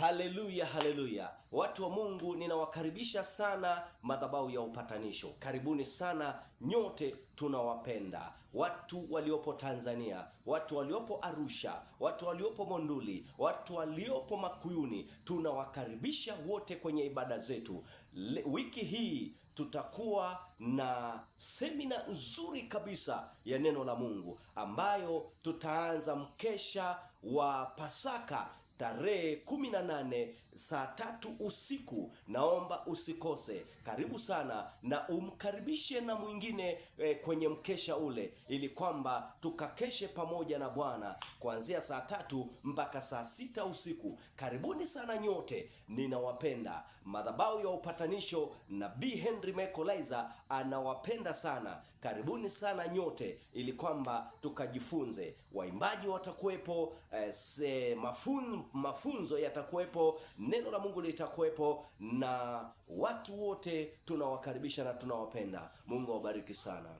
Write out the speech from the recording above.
Haleluya, haleluya! Watu wa Mungu, ninawakaribisha sana madhabahu ya upatanisho. Karibuni sana nyote, tunawapenda watu waliopo Tanzania, watu waliopo Arusha, watu waliopo Monduli, watu waliopo Makuyuni, tunawakaribisha wote kwenye ibada zetu. Le, wiki hii tutakuwa na semina nzuri kabisa ya neno la Mungu ambayo tutaanza mkesha wa Pasaka tarehe 18 saa tatu usiku. Naomba usikose, karibu sana na umkaribishe na mwingine e, kwenye mkesha ule, ili kwamba tukakeshe pamoja na Bwana kuanzia saa tatu mpaka saa sita usiku. Karibuni sana nyote, ninawapenda. Madhabahu ya Upatanisho, Nabii Henry Mekolaiza anawapenda sana. Karibuni sana nyote, ili kwamba tukajifunze. Waimbaji watakuwepo, eh, mafun, mafunzo yatakuwepo, neno la Mungu litakuwepo, na watu wote tunawakaribisha na tunawapenda. Mungu awabariki sana.